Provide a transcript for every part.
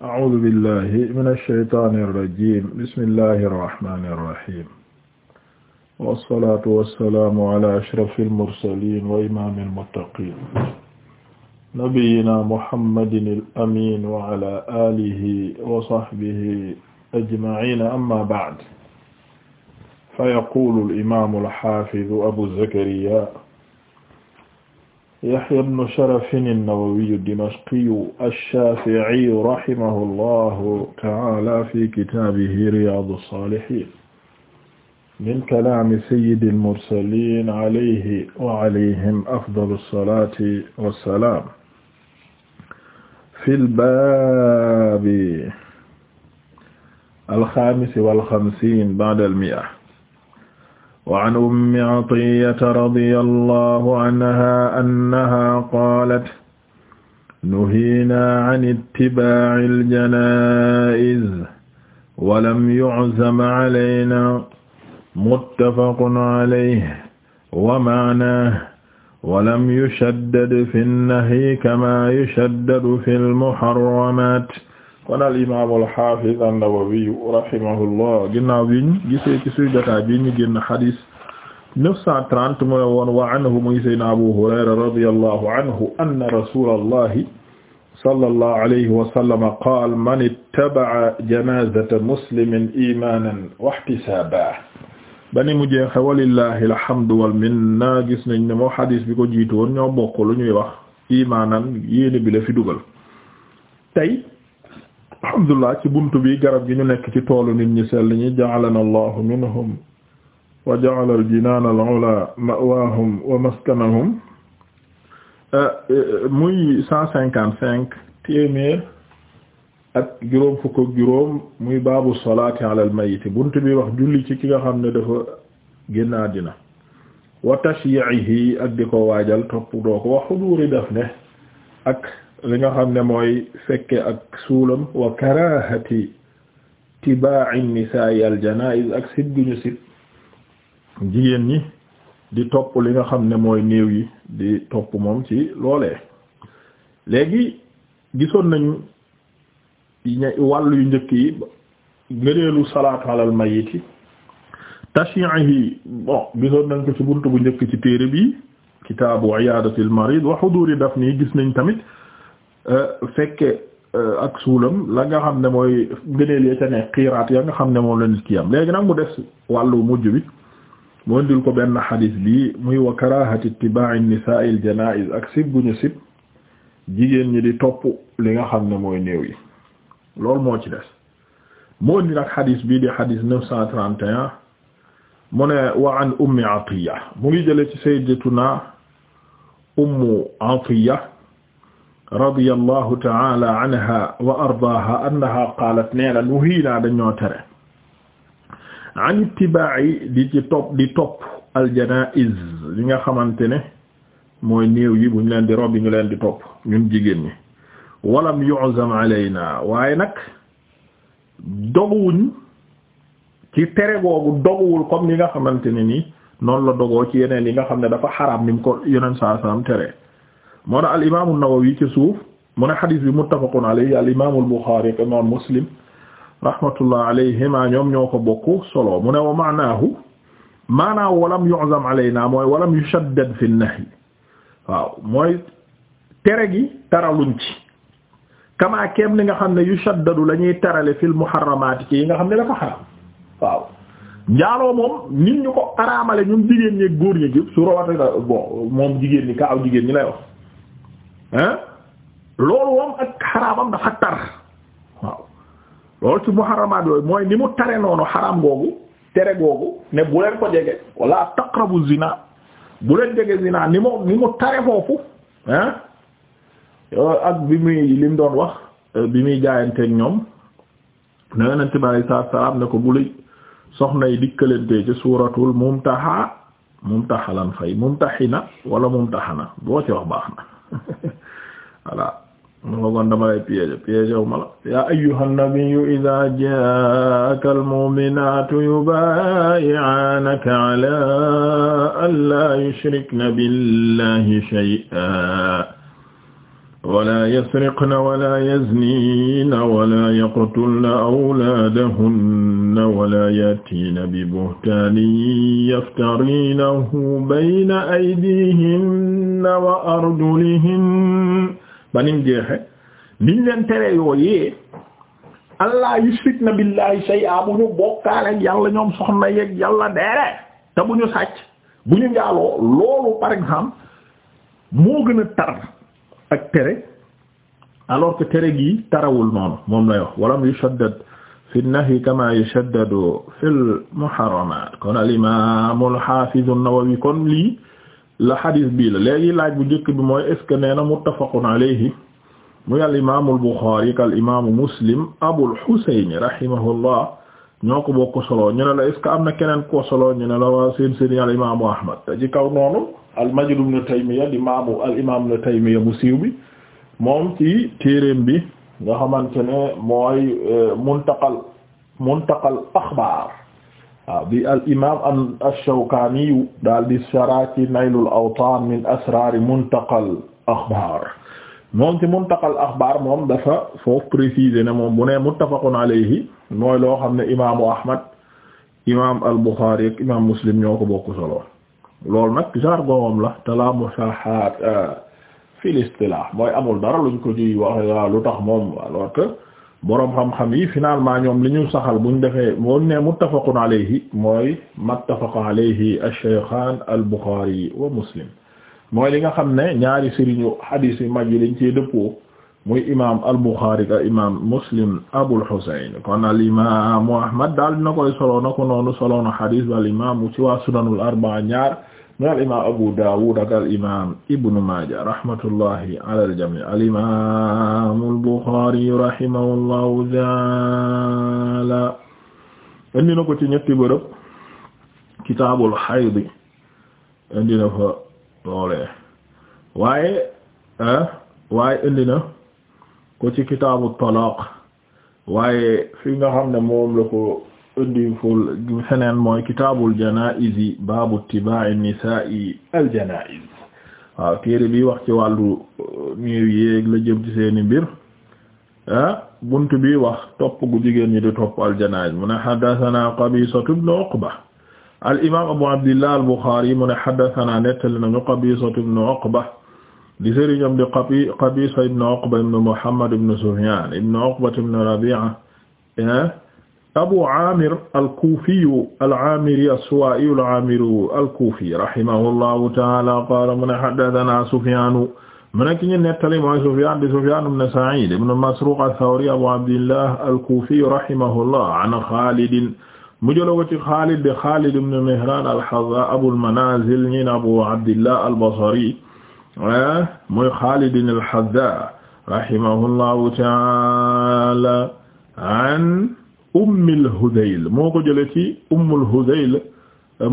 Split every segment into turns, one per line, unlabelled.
a'uuzu billahi mina shaytaani rajiim bismillahi rahmaani rahiim wassalaatu wassalaamu alaa ashrafil mursaliin wa imaamil muttaqiin nabiyyinaa muhammadinil amiin wa alaa aalihi wa sahbihi ajma'iin amma ba'd fa yaquulul imaamul haafizu abu zakariyaa Yahya ibn Sharaf an-Nawawi ad-Dimashqi ash-Shafi'i rahimahullahu ta'ala fi kitaabihi Riyadus Salihin min kalaami sayyidil mursaliin alayhi wa alayhim afdalus salaati wassalaam fil baabi al-khaamis wal khamsiin ba'dal mi'a وعن أم عطية رضي الله عنها أنها قالت نهينا عن اتباع الجنائز ولم يعزم علينا متفق عليه ومعناه ولم يشدد في النهي كما يشدد في المحرمات kon al imaam al haafiz an-Nawawi rahimahullah ginnaaw bi ñu gisee ci suñu jotaay bi ñu génn hadiis 930 mu ne woon wa anhu muy sayyidina Abu Hurayra radiyallahu anhu anna rasulallahi sallallahu alayhi wa sallam qaala man ittaba'a janaazata muslimin iimaanan wa ihtisaaban bani mu jeexe walillahi alhamdu wal minna gis nañ ne moo xadis bi ko jiitu woon ñoo bokk lu ñuy wax iimaanan yéene bi la fi dugal tey alhamdulillah ci buntu bi garab gi ñu nekk ci toolu nit ñi sell ñi ja'alana allahu minhum wa ja'ala al-jinaan al-'ulaa ma'waahum wa maskanahum ah, muy cent cinquante cinq téeméer ak juróom fukk ak juróom muy baabu salaati ala al-mayyit bunt bi wax julli ci ki nga xam ne dafa génn àddina wa tashyi'ihi ak di ko waajal topp doo ko wa xuduuri def ne ak li nga xam ne mooy fekke ak suulam wa karaahati tibaa'in nisaa'i al-janaa'iz ak sib gi ñu sib jigéen ñi di topp li nga xam ne mooy néew yi di topp moom ci loole léegi gisoon nañu wàll yu njëkk yi ngëneelu salaatu yi mayiti tashi'ihi bon gisoon nañ ko ci buntu bu njëkk ci téere bi kitaabu iyaadatil marid wa huduri nii gis nañ tamit euh, fekke euh, ak suulam la nga xam ne mooy ngëneel yee ca ne xiiraat ya nga xam ne moom la nit ki am léegi nag mu des wàllu mujj bi mu indil ko benn xadis bi muy wa karahati ittiba'i nisaa'i al-janaa'iz ak sib gu ñu sib jigéen ñi di topp li nga xam ne mooy néew yi loolu moo ci des mu indi nag xadis bi di xadis 931 mu ne wa an ummi atiya mu ngi jële ci sayyidatuna ummu atiya radiyallahu ta'ala anha wa ardaaha annaha qaalat nee na nuhiinaa dañoo tere an yi di ci topp di topp al janaiz li nga xamante ne mooy néew yi buñ leen di rob yi ñu leen di topp ñun jigéen ñi walam yu'zam alayna waaye nag doguwuñ ci tere googu doguwul comme li nga xamante ne nii noonu la dogoo ci yeneen yi nga xam ne dafa xaraam ni mu ko yeneen saa salaam tere moo tax al imaamu Nawawi ci suuf mu ne xadiis bi muttafaqun alayhi al imaamu al Buxaari ak imaam Muslim rahmatullah alayhima ñoom ñoo ko bokk solo mu ne wa maanaahu maanaahu walam yu'zam alayna mooy walam yushaddad fi nahy waaw mooy tere gi taraluñ ci kamaa keem li nga xam ne yushaddadu la ñuy tarale fil muharramaati ci yi nga xam ne dafa xaram waaw njaaloo moom nit ñu ko araamale ñun jigéen ñi góor ñi gi su rawate bon moom jigéen ñi ka aw jigéen ñi lay wax loolu moom ak xaraamam dafa tar loolu ci muharramaat yooyu mooy ni mu tare noonu xaram googu tere googu ne bu leen ko jege wala taqrabu zina bu leen jege zina ni mu ni mu tare foofu ah ak bi muy lim doon wax euh, bi muy jaayanteeg ñoom ne yonent bi alayhi salaam ne ko bu lay soxna yi dikkalantee ci suuratul mumtaha mumtahalan fay mumtahina wala mumtahana boo ci wax baax na voilà mu nga kon dama lay piéger piéger wu ma la yaa ayyuhan nabiyyu idhaa jaa'aka al-mu'minaatu yubaayi'aanaka 'alaa allaa yushrikna billaahi shay'an wala yasriqna wala yaznina wala yaqtulna awlaadahunna wala yatiina bi buhtaanin yaftarinahu bayna aydihinna wa arjulihinna ba nim jeexe niñ leen tere yooyee allah yushrikna billahi shay'a bu ñu bokkaale ak ñoom soxna yeeg yàlla deere te bu ñu sàcc bu ñu njaaloo loolu par exemple gën a tar ak tere alors que tere gi tarawul noonu moom la wax walam yushaddad fi nahyi kama yushaddadu fil muharramat kon al imam al hafiz an-Nawawi kon lii la xadis bii la léegi laaj bu njëkk bi mooy est ce que nee na muttafaqun alayhi muy al imaamu al Buxaari ak al imaamu Muslim Abul Husayn rahimahullah ñoo ko bokk solo ñu ne la est ce que am na keneen ko solo ñu ne la waa seen sëriñ al imaamu kaw noonu al Majd ibn Taymiya di maamu al imaam ibn Taymiya bu siiw bi moom ci téereem bi nga xamante ne mooy eh, muntaqal muntaqal axbaar waaw bi al imaam ash-Shawkaani daal di saraa ci Naylul Awtaan min asraari Muntaqal Axbaar moom ci Muntaqal Axbaar moom dafa foofu préciser ne moom bu ne muttafaqun alayhi mooy loo xam ne imaamu Ahmad imaam al-Buxaari ak Muslim ñoo ko bokk solo loolu nag jargon la te la musaahaat euh, fil istilaah mooy amul dara luñ wax lu tax moom alors que. borom xam-xam yi finalement ñoom li ñu saxal ñu defee boo ne muttafaqun alayhi mooy muttafaqun alayhi ash-shaykhan al-Bukhari wa Muslim mooy li nga xam ne ñaari sëriñu hadith yi mag yi dañ cee dëppoo muy imam al-Bukhari ak imam Muslim Abul Husayn kon al imam Ahmad daal dina koy solo na ko noonu solo na hadith ba al imam ñaar na al imam Abu Dawud ak al imam Ibn Majah rahmatullahi ala al jami' al imam al Bukhari rahimahullahu ta'ala indi na ko ci ñetti bërëb kitaabul hayd indi na fa loolee waaye ah, waaye indi na ko ci kitaabu talaq waaye fi nga xam ne moom la ko indi ful feneen mooy kitaabul janaa'iz baabu ittibaa'i nisaa'i al janaa'iz waaw téere bi wax ci wàllu uh, néew yéeg la jëm ci seeni mbir ah, bunt bi wax topp jigéen ñi di topp al janaa'iz mu ne haddasanaa Qabiisatu ibnu Uqba al imaam Abu Abdillah al Buxaari mu ne haddasanaa nettali nañu Qabiisatu ibnu Uqba di sëriñam di qabi Qabiisa ibnu Uqba ibnu Muhammad ibnu Sufyaan ibnu Uqba Abu Amir al-Kufi al-Amiri as-Suwa'i al-Amiri al-Kufi rahimahullahu ta'ala qala mu ne haddathana Sufyan mu ne ki ñu nettali mooy Sufyan di Sufyan ibn Sa'id ibn Masruq ath-Thawri Abu Abdillah al-Kufi rahimahullah an Khalid mu jëloon ko ci Khalid di Khalid ibn Mihran al-Hadha Abu al-Manazil ñi Abu Abdillah al-Basri ah, mooy Khalid al-Hadha rahimahullahu ta'ala an ummil Hudayl moo ko jëlee ci ummul Hudayl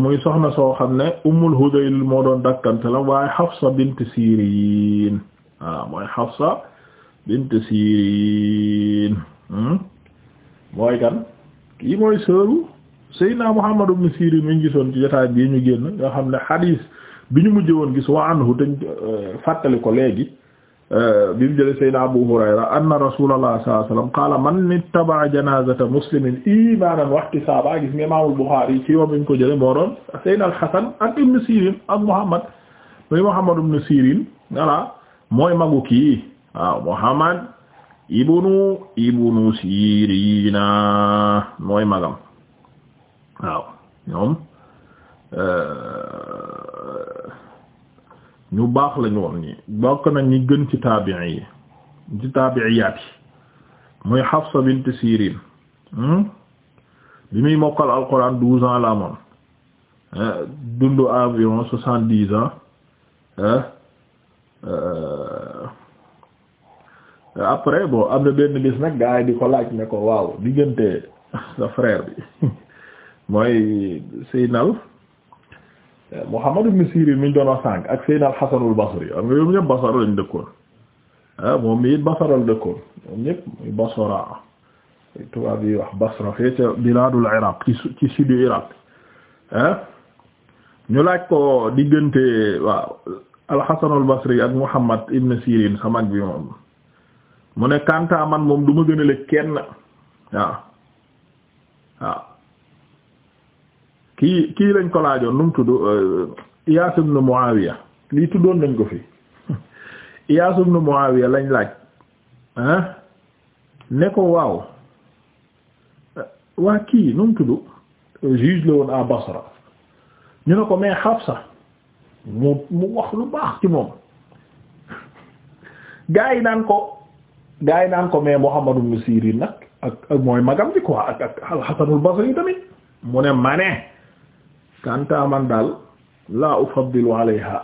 muy soxna soo xam ne ummul Hudayl moo doon dakkante la waaye Hafsa bint Sirin waaw mooy Hafsa bint Sirin hmm? mooy kan kii mooy sëru Seydina Muhammad ibn Sirin mi ñu gisoon ci jotaay bii ñu génn nga xam ne xadiis bi ñu mujj woon gis wa anhu dañ euh, fàttali ko léegi Euh, bi mu jëlee Seydina Abu Hurayra anna Rasulullah sallallahu alayhi man ittaba'a janaazata muslimin iimaanan wa ihtisaaban gis nga Imaamul Buxaari ci ko jëlee moo doon Seydina al-Hasan ak Ibn Sirin ak Muhammad Muhammad ibn Sirin voilà mooy Muhammad ibnu ibnu Sirina mooy magam euh, ñu baax lañu woon ñi bokk nañ ñi gën ci taabi'i yi ci taabi'iyaat yi muy Hafsa bint Sirin hmm? bi muy mokkal alquran douze ans la amoon eh, dundu environ soixante dix ans eh, eh, après bon am na benn bis nag gaa di ko laaj ne ko waaw diggante sa frère bi mooy Seynal Muhammad ibn Sirin mi ñu doon wax sànq ak Seydina al-Hasanul Basri am nga yow ñëpp Basra dëkkoon moom mi it Basra la dëkkoon moom ñëpp muy Basra tubaab yi wax Basra fee ca bilaadul Iraq ci ci sudu Iraq ñu laaj ko diggante waaw al-Hasanul Basri ak Muhammad ibn Sirin sa mag bi moom mu ne Kanta man moom du ma gënale kenn waaw waaw. kii kii lañ ko laajoon nu mu tudd euh, Iyaas ibn Muawiya lii tuddoon nañ ko fi Iyaas ibn Muawiya lañ laaj ah ne ko waaw waa kii nu mu tudd juge la woon à Basra ñu ne ko mais Hafsa mu mu wax lu baax ci moom gaa yi naan ko gaa yi naan ko mais Muhammad ibn Sirin nag ak ak mooy magam bi quoi ak ak al-Hasan al tamit mu ne ma kanta man daal laa ufaddilu alayha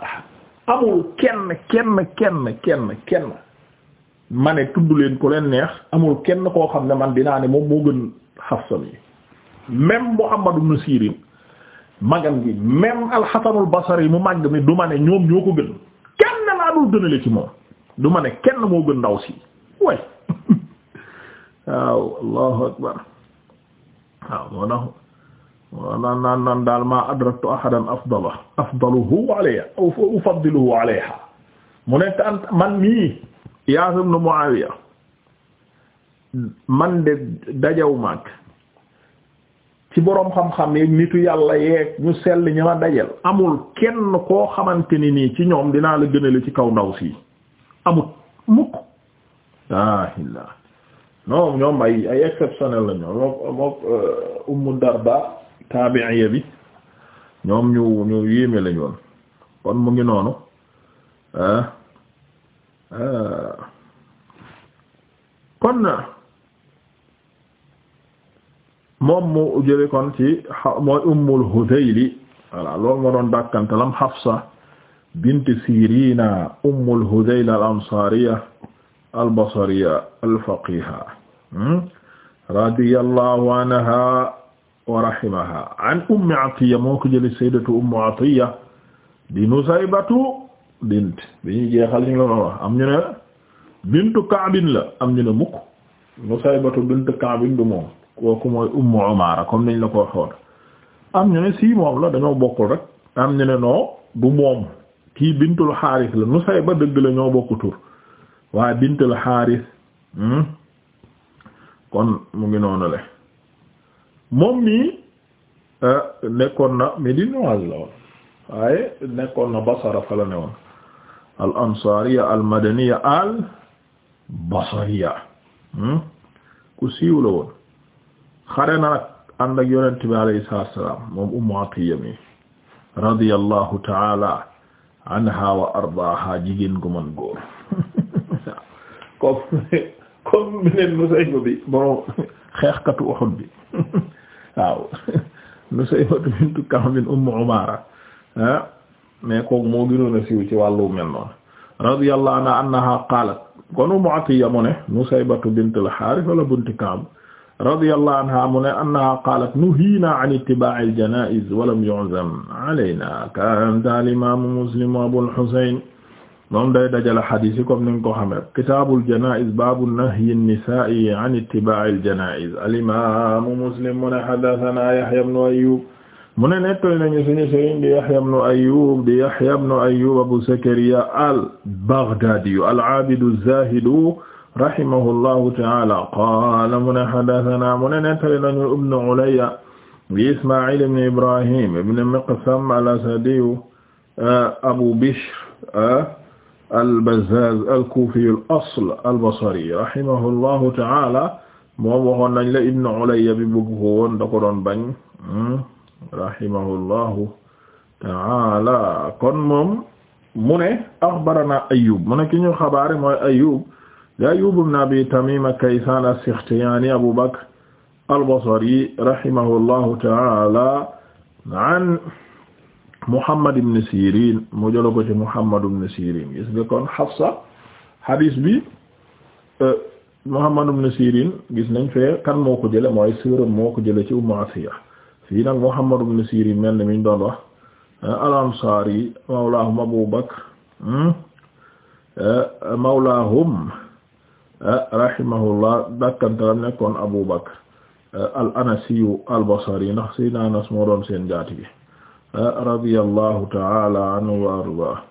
amul kenn kenn kenn kenn mane tudd leen ku leen neex amul kenn koo xam ne man dinaa ne moom moo gën Hafsa mi même Muhammad ibn Sirin magam gi même al-Hasanul mu màgg mi du ma ne ñoom ñoo ko gën kenn laa dul gënale ci moom du ma ne kenn moo gën ndaw si way waaw allahu akbar waaw moo tax naan naan naan daal maa adraktu ahadan afdala afdaluhu alayha aw ufaddiluhu alayha mu ne tant man mii yaasam nu Muawiya man de dajaw maag ci boroom xam-xam yi nitu yàlla yeeg ñu sell ñi ma dajel amul kenn koo xamante ni nii ci ñoom dinaa la gënale ci kaw ndaw si amut mukk ahilla non ñoom ay ay exceptionnel la ñoom moom euh, Ummu Darda taabi'iyya bi ñoom ñu ñu yéeme lañ woon kon mu ngi noonu ah, ah. kon moom mu jële kon ci mooy Ummul Hudayli voilà loolu moo doon dàkkantalam Hafsa bint Sirina Ummul Hudayl al-Ansariya al-Basriya al-faqiha hmm? radiyallahu anha wa rahimaha an ummi atiya moo ko jële sayyidatu ummu atiya di nusaybatu bint bi ñu jeexal ñu la doon wax am ñu ne bintu kaabin la am ñu ne mukk nusaybatu bintu kaabin du moom kooku mooy ummu umaara comme niñ la ko waxoon am ñu ne sii moom la dañoo bokkul rek am ñu ne noo du moom kii bintul xaaris la nusayba dëgg la ñoo bokku tur waaye bintul xaaris hmm? kon mu ngi noonu le moom mi ah, nekkoon na médinoise la woon waaye nekkoon na basara fa woon al ansariya al madaniya al basariya hmm? ku siiw la woon xare na nag ànd ak yonent bi alayhi salaam moom ummu atiya mi taala anha wa ardaaha jigéen gu man góor comme comme beneen musayba bi borom xeexkatu Uhud bi waaw Nusaybatu bintu Ka'b ummu Umaara ah mais kooku moo gënoon a siiw ci wàllu mel noonu radiyallahu anha annaha qaalat kon Ummu Atiyya mu ne Nusaybatu bint al-Haaris wala bintu Ka'b radiyallahu anha mu ne annaha qaalat nuhiina an ittibaa'i al-janaa'iz wa lam yu'zam alaynaa kaana al-imaamu Muslim Abul Husayn moom day dajale xadiis yi comme ni nga ko xam rek kitaabul janaa'iz baabu nahyi nisaa'i an ittibaa'il janaa'iz al-imaamu muslim mu ne haddasanaa Yahya ibnu Ayyuub mu ne nettali nañu suñu sëriñ di Yahya ibnu Ayyuub di Yahya ibnu Ayyuub Abu Zakariyaa al-Baghdaadiyu al-'aabidu az-zaahidu rahimahullahu ta'aala qaala mu ne haddasanaa mu ne nettali nañu ibnu Ulayya di Ismaa'iil ibnu Ibraahiim ibnu Miqsam al-Asadiyu Abu Bishr ah, al-Bazzaz al-Kufi al-asl al-Basri rahimahullahu ta'ala moom waxoon nañ la Ibn Ulayya bi bëgg ko woon da ko doon bañ hmm, rahimahullahu ta'ala kon moom mu ne axbarana Ayyub mu ne ki ñu xabaare mooy Ayyub di Ayyub ibn Abi Tamima Kaysan as-Sikhtiyani Abu Bakr al-Basri rahimahullahu ta'ala an Muhammad ibn Sirin mu jëla ko ci Muhammad ibn Sirin gis nga kon Hafsa hadis bi euh, Muhammad ibn Sirin gis nañ fee kan moo ko jële mooy sëram moo ko jële ci Ummu fi fii nag Muhammad ibn Sirin mel ni miñ doon wax euh, al-Ansari mawlaahum Abu Bakr hmm, euh, mawlaahum rahimahullah dakkantaram nekkoon Abu Bakr al-Anasiyu al-Basri ndax Sayyidina Anas moo doon seen jaati bi radiyallahu ta'ala anhu wa arda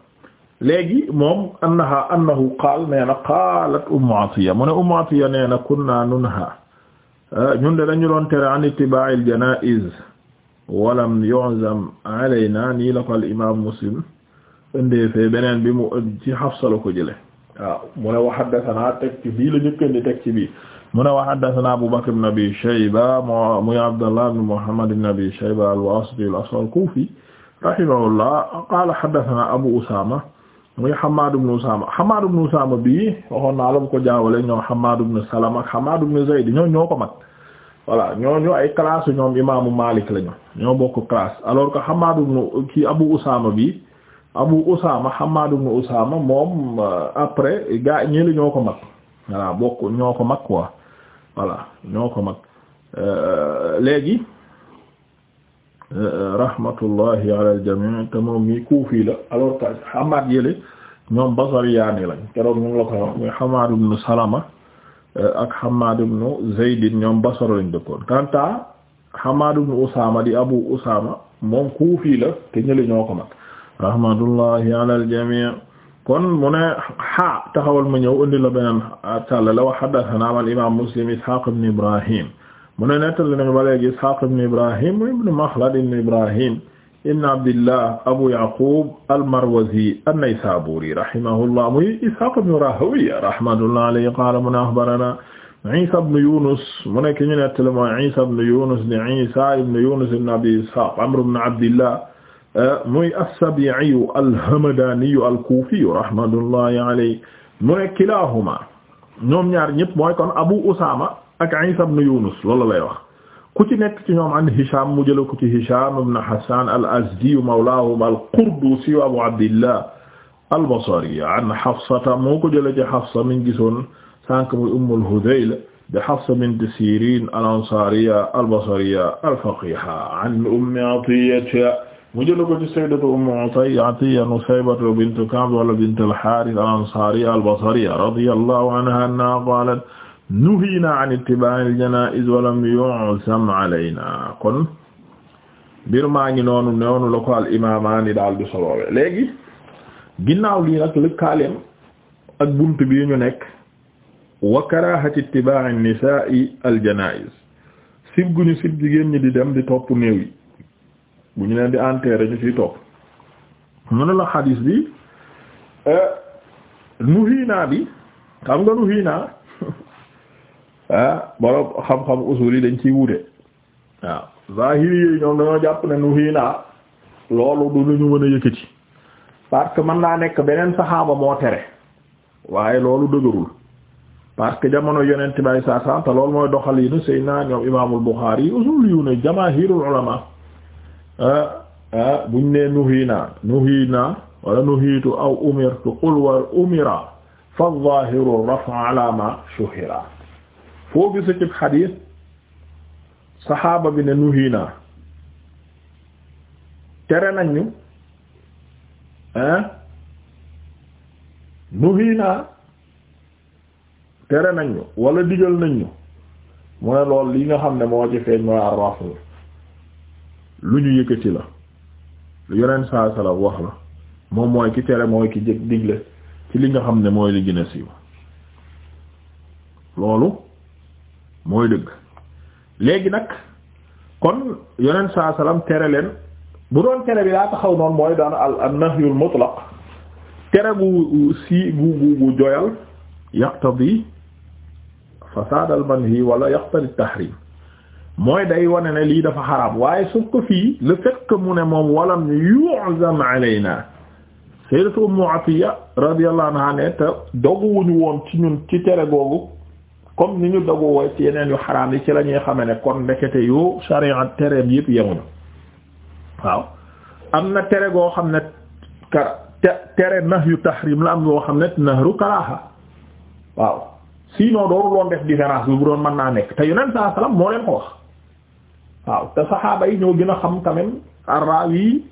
léegi moom annaha annahu qaal nee na qaalat ummu atiya mu ne ummu atiya nee na kunna nunha ñun de dañu doon tere an ittiba'i al-janaa'iz walam yu'zam alayna nii la ko al imam muslim ndeefee beneen bi mu ci Hafsa la ko jële waaw mu ne wa haddathana teg ci bii la njëkkandi teg ci bii mu ne wa haddathana Abu Bakr ibn Abi Shayba muy Abdullah ibn Muhammad ibn Abi Shayba al-Wasiti al-Asl al-Kufi rahimahullah qala haddathana Abu Usama muy Hammad ibn Usama Hammad ibn Usama bi waxoon naa la bu ko jaawale ñoo Hammad ibn Salama ak Hammad ibn Zayd ñoo ñoo ko mag voilà ñooñu ay classe ñoom imaamu Malik lañu ñoo bokk classe alors que Hammad ibn ki Abu Usama bi Abu Usama Hammad ibn Usama moom euh, après gaa ñi la ñoo ko mag voilà bokk ñoo ko mag quoi voilà ñoo ko mag euh, léegi euh, rahmatullahi ala al-jami' mi kuufi la alors que Hammaad yële ñoom basariyaani lañ keroog ñu ngi la ko wax Salama euh, ak Hammaad ibn Zayd ñoom Basra lañ dëkkoon kanta Hammaad ibn Usaama di Abu Usaama moom kuufi la te ñële ñoo ko mag rahmatullahi ala al kon mu ne ha taxawal ma ñëw indi la beneen càll la wa haddathana al imam muslim ishaq ibn ibrahim mu ne nettali nañu ba léegi ishaq ibn ibrahim ibn makhlad ibn ibrahim ibn abdillah abu yaqub al marwazi an-naysaburi rahimahullah muy ishaq ibn rahawiya rahmatullah alayhi qala mu ne akhbarana isa ibn yunus mu ne ki ñu nettali mooy isa ibn yunus ni isa ibn yunus ibn abi ishaq amr ibn abdillah muy as-Sabi'i al-Hamdani al-Kufi rahmatullahi alayhi mu ne kilahuma ñoom ñaar ñëpp mooy kon Abu Usama ak Isa ibn Yunus loolu lay wax ku ci nekk ci ñoom an Hisham mu jëla ko ci Hisham ibn Hassan al-Azdi mawlahum al-Qurdusi wa Abu Abdillah al-Basri an Hafsata moo ko jëla ci Hafsa min gisoon sànq muy Ummul Hudayl di Hafsa bint Sirin al-Ansariya al-Basriya al-faqiha an Ummi Atiyya mu jëla ko ci sayyidatu ummu atiyya nusaybatu bintu ka'b wala bintu al-harith al-ansariyya al-basriyya radiyallahu anha annaha qalat nuhiina an ittiba'i al-janaiz wa lam yu'sam alayna kon mbir maa ngi noonu noonu la ko al imaamaani daal di soloowe léegi ginnaaw lii nag lëkkaaleem ak bunt bi ñu nekk wa karahati ittiba'i an-nisa'i al-janaiz sib guñu sib jigéen ñi di dem di topp néew yi bu ñu leen di enterrer ñu ci toog mu ne xadiis bi euh, nuhiina bi xam nga nuhiina ah borom xam-xam usul dañ ciy wuute waaw zahiri yi ñoom dañoo jàpp ne nuhiina loolu du ñu mën a yëkkati parce que mën naa nekk beneen saxaaba moo tere waaye loolu dëgërul parce que jamono yeneen bay saa sant loolu mooy doxal yi sëy naa ñoom imaamul Buxaari yi usul yu ne jamaahirul ulama Ah, ah, buñ ne nuhina nuhina walla nuhitu aw umirtu qul wa umira fa zahiru rafu ala ma shuhira foo gisa ci xadiis saxaaba bi ne nuhina tere nañu hein ah, nuhina tere nañu wala digal nañu mu ne lool li nga xam ne moo ci feeñ mooy arrafu lu ñu yëkkati la lu yonent saa wax la moom mooy ki tere mooy ki jëg digle ci li nga xam ne mooy li gën a siiw loolu mooy dëgg léegi nag kon yonent saa salaam tere leen bu doon tere bi daa taxaw noonu mooy daan al al nahyul mutlaq tere bu si bu bu bu joyal yaqtadi fasaad al manhi wala yaqtadi tahrim mooy day wane ne lii dafa xaraam waaye su ko fii le fait mu ne moom walam yu'zam alayna sayyidatu ummu atiya radiyallahu anha woon ci ñun ci tere googu comme ni ñu dogu ci yeneen yu xaraam yi ci la ñuy xame ne kon ndekete yu sharia tereem yëpp yemuñu waaw am na tere goo xam ne ka tere nahyu tahrim la am goo xam ne nahru karaha waaw sinon dooru loon def différence bi bu doon mën naa nekk te yeneen saa salaam moo leen ko wax waaw te saxaaba yi ñoo gën a xam tamit même ar-rawi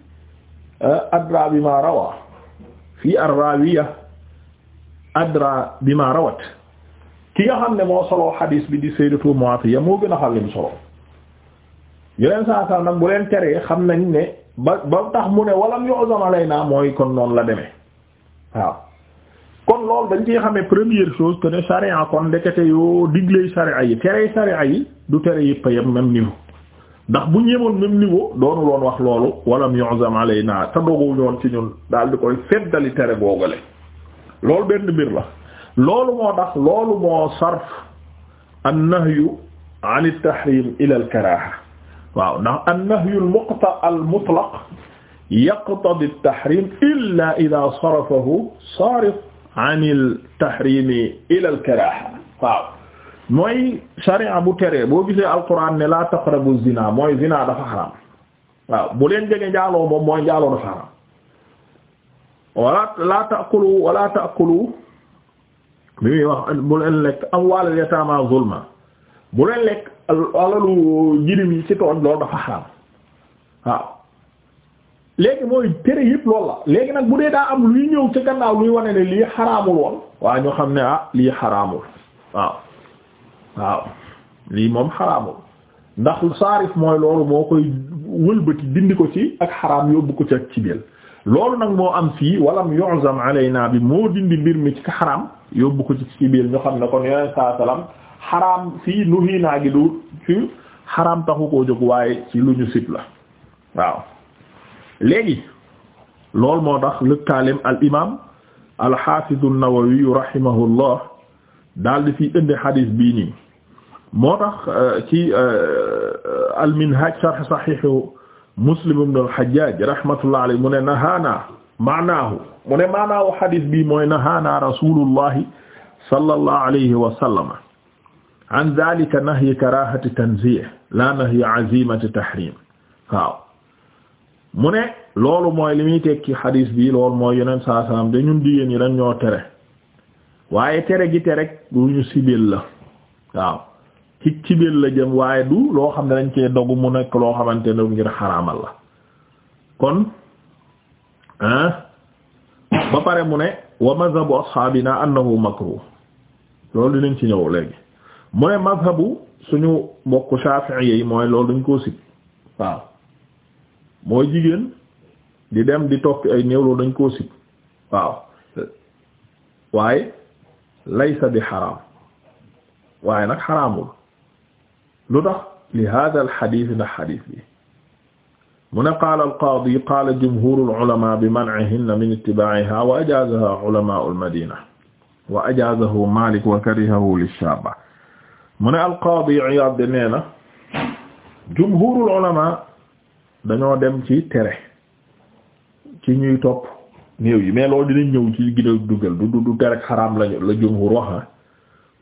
euh, adra bi ma rawa fii ar-rawiya bi ma rawat ki nga xam ne moo soloo xadiis bi di sayyidatu Mu'awiya moo gën a xam lim solo yeneen saa saa nag bu leen teree xam nañ ne ba ba tax mu ne walam yu'zam alayna mooy kon noonu la demee waaw kon loolu dañ ciy xamee première chose que ne sharia kon ndekete yoo digley sharia yi terey sharia yi du tere yëpp a yem même ndax bu ñëwoon même niveau doonu loon wax loolu walam yu'zam alayna te dogu ñoon ci ñun daal di koy feddali tere googale loolu benn mbir la loolu moo tax loolu moo sarf an-nahyu an at-tahrim ila al-karaha waaw ndax an-nahyu al-muqta al-mutlaq yaqtadi at-tahrim illa idha sarafahu sarif an at-tahrim ila al-karaha waaw mooy sharia bu teree boo gisee alquran ne la taqrabu zina mooy zina dafa xaram waaw bu leen jege njaaloo moom mooy njaaloo dafa xaram wala la taakulu wala taakulu bi muy wax bu leen lekk amwaalal yataama bu leen lekk alalu jirim yi ci tooñ loolu dafa xaram waaw léegi mooy tere yëpp loolu la léegi nag bu dee daa am luy ñëw ci gannaaw luy wane ne lii xaraamul woon waa ñu xam ne ah lii xaraamul waaw waaw lii moom xaraamul ndax saarif mooy loolu moo koy wëlbati dindi ko ci ak xaraam yóbbu ko ci ak ci biir loolu nag moo am fii walam yu'zam alayna bi moo dindi mbir mi ci xaraam yóbbu ko ci ci biir ñu xam ne kon yoneen saa salaam xaraam fii nuhi naa gi du ci xaraam taxu koo jóg waaye ci lu ñu sib la waaw léegi loolu moo tax lëkkaalim al imam al xaafidu an-Nawawi di fi indi xadiis bii nii moo tax euh, ci euh, al-Minhaj sharh Sahih Muslim ibn al-Hajjaj rahmatullah alayhi mu ne nahaana maanaahu mu ne maanaahu hadis bi mooy nahaana rasulullahi sallallahu alayhi wa sallam an dhalika nahyi karahati tanzih la nahyi azimati tahrim waaw mu ne loolu mooy li muy tekki hadis bi loolu mooy yeneen saa salaam da ñun jigéen ñi dañ ñoo tere waaye tere gi tere rek lu ñu sibil la waaw ci cibeel la jëm waaye du loo xam ne dañ cee dogu mu nekk loo xamante ne ngir xaramal la kon ba pare mu ne wa na ashaabina annahu makruh loolu dinañ ci ñëw léegi mu ne mazhabu suñu mbokk Shafi'i yi mooy loolu dañ koo sib waaw mooy jigéen di dem di tokki ay néew loolu dañ koo sib waaw waaye laysa bi xaraam waaye nag xaraamul lu tax li hada al xadis ndax xadis bi mu ne qaala al qaadi qaala jumhuru al ulama bi man'ihinna min ittiba'iha wa ajaazaha ulama al madina wa ajaazahu Maalik wa karihahu lishaaba mu ne al qaadi Iyaad de nee na jumhuru al ulama dañoo dem ci tere ci ñuy topp néew yi mais loolu dinañ ñëw ci gën a dugal du du tere xaraam lañu la jumhur wax ah.